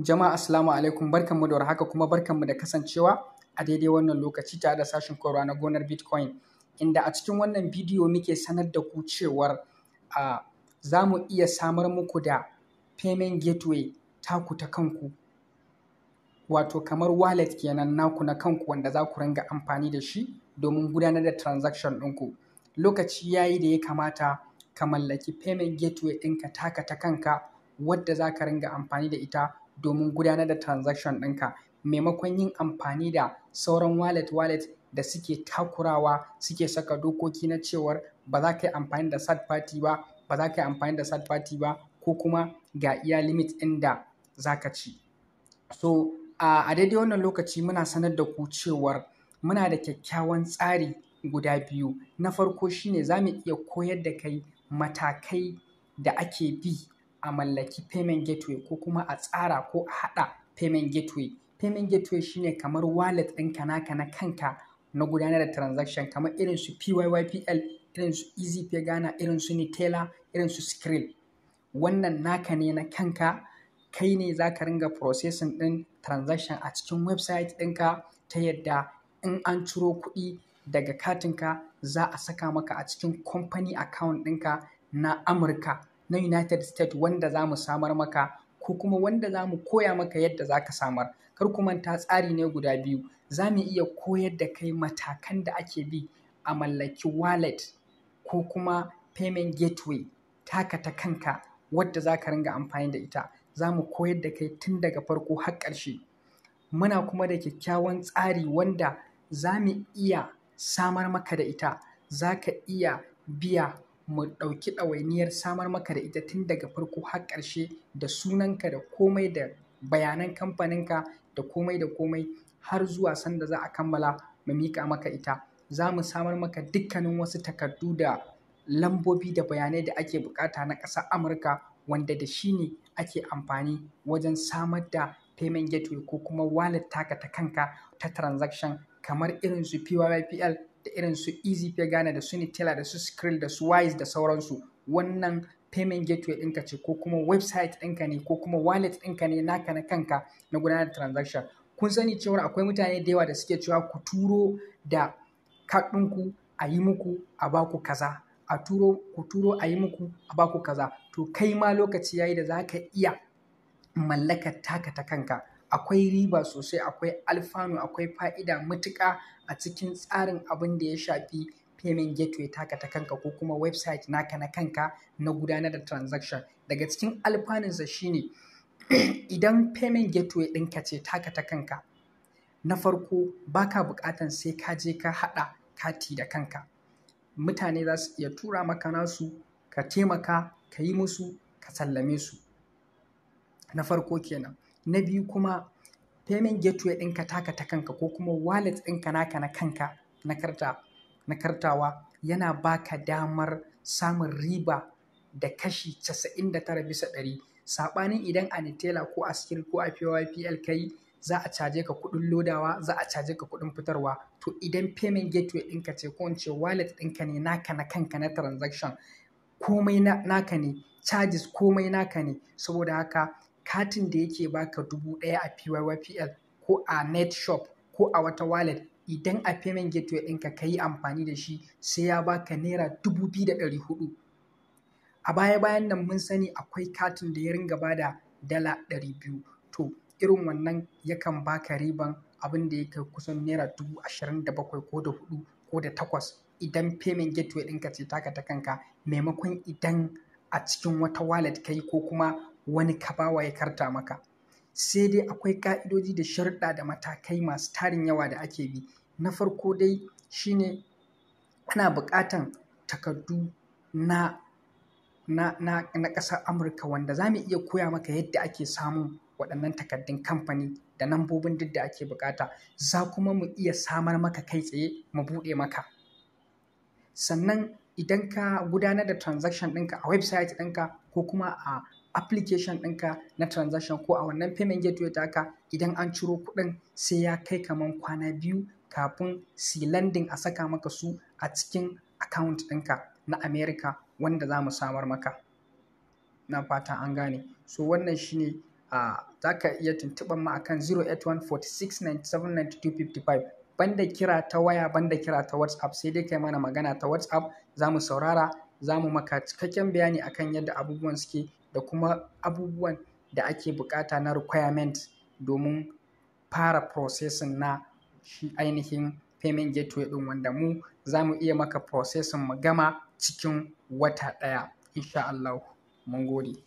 Jama'a assalamu alaikum barkanmu da warhaka kuma barkanmu da kasancewa a daidai wannan lokaci tare da sashen koyarwa na gonar Bitcoin inda a cikin wannan bidiyo muke sanar da ku cewar za mu iya samar muku da payment gateway taku ta kanku wato kamar wallet kenan naku na kanku wanda za ku ringa amfani da shi domin gudanar da transaction ɗinku lokaci ya yi da ya kamata ka mallaki payment gateway ɗinka taka ta kanka wadda za ka ringa amfani da ita domin gudanar da transaction ɗinka maimakon yin amfani da sauran wallet wallet da suke takurawa suke saka dokoki na cewar ba za ka yi amfani da third party ba ba za ka yi amfani da third party ba ko kuma ga iya limit ɗin da za ka ci so a daidai wannan lokaci muna sanar da ku cewar muna da kyakkyawan tsari guda biyu na farko shine za mu iya koyar da kai matakai da ake bi a mallaki payment gateway ko kuma a tsara ko a haɗa payment gateway payment gateway shine kamar wallet ɗinka naka na kanka na gudanar da transaction kamar irin su PYYPL irin su EasyPay Ghana irin su Nitella irin su Skrill wannan naka ne na kanka kai ne za ka ringa processing ɗin transaction a cikin website ɗinka ta yadda in an ciro kuɗi daga katinka za a saka maka a cikin company account ɗinka na Amurka na United States wanda za mu samar maka ko kuma wanda za mu koya maka yadda za ka samar kar ku manta tsari ne guda biyu za mu iya koyar da kai matakan da ake bi a mallaki wallet ko kuma payment gateway taka ta kanka wadda za ka ringa amfani da ita za mu koyar da kai tun daga farko har ƙarshe muna kuma da kyakkyawan tsari wanda za mu iya samar maka da ita za ka iya biya mu ɗauki ɗawainiyar samar maka da ita tun daga farko har ƙarshe da sunanka da komai da bayanan kamfaninka da komai da komai har zuwa sanda za a kammala mu mika maka ita. Za mu samar maka dukkanin wasu takardu da lambobi da bayanai da ake buƙata na ƙasar Amurka wanda da shi ne ake amfani wajen samar da payment gateway ko kuma wallet taka ta kanka ta transaction kamar irin su PYPL. da irin su easy pay gana da su nitella da su skrill da su wise da sauransu wannan payment gateway ɗinka ce ko kuma website ɗinka ne ko kuma wallet ɗinka ne naka na kanka na gudanar da transaction kun sani cewa akwai mutane da yawa da suke cewa ku turo da card ɗinku a yi muku a baku kaza a turo ku turo a yi muku a baku kaza to kai ma lokaci yayi da zaka iya mallakar taka ta kanka akwai riba sosai, akwai alfanu, akwai fa'ida matuƙa a cikin tsarin abin da ya shafi payment gateway taka ta kanka ko kuma website naka na kanka na gudanar da transaction. Daga cikin alfanunsa shine idan payment gateway ɗinka ce taka ta kanka, na farko baka ka buƙatan sai ka je ka haɗa kati da kanka. Mutane za su iya tura maka nasu, ka taimaka, ka yi musu, ka sallame su. Na farko kenan. Na biyu kuma payment gateway ɗinka taka ta kanka ko kuma wallet ɗinka naka na kanka na karta na kartawa yana baka damar samun riba da kashi 99 bisa ɗari saɓanin idan a tela ko a Skill ko a PYPL ka yi za a caje ka kuɗin lodawa za a caje ka kuɗin fitarwa to idan payment gateway ɗinka ce ko ce wallet ɗinka ne naka na kanka na transaction komai naka ne charges komai naka ne saboda haka katin da yake baka dubu ɗaya a PYYPL ko a net shop ko a wata wallet idan a payment gateway ɗinka ka yi amfani da shi sai ya baka naira dubu biyu da ɗari hudu a baya bayan nan mun sani akwai katin da ya ringa bada dala ɗari biyu to irin wannan yakan baka riban abin da yake kusan naira dubu ashirin da bakwai ko da hudu ko da takwas idan payment gateway ɗinka ce taka ta kanka maimakon idan a cikin wata wallet kai ko kuma wani kabawa ya karta maka sai dai akwai ka'idoji da sharuɗa da matakai masu tarin yawa da ake bi na farko dai shine ana buƙatan takardu na na na na ƙasar amurka wanda za mu iya koya maka yadda ake samun waɗannan takardun kamfani da nambobin duk da ake buƙata za kuma mu iya samar maka kai tsaye mu buɗe maka sannan idan ka gudanar da transaction ɗinka a website ɗinka ko kuma a application ɗinka na transaction ko a wannan payment gateway taka idan an ciro kuɗin sai ya kai kaman kwana biyu kafin si lending a saka maka su a cikin account ɗinka na America wanda za mu samar maka. Na fata an gane. So wannan shine ne, za ka iya tuntuɓar ma akan 08146979255 banda kira ta waya banda kira ta WhatsApp sai dai kai mana magana ta WhatsApp za mu saurara za mu maka cikakken bayani akan yadda abubuwan suke da kuma abubuwan da ake bukata na requirement domin fara processing na shi ainihin payment gateway din wanda mu za mu iya maka processing mu gama cikin wata ɗaya insha Allah mun gode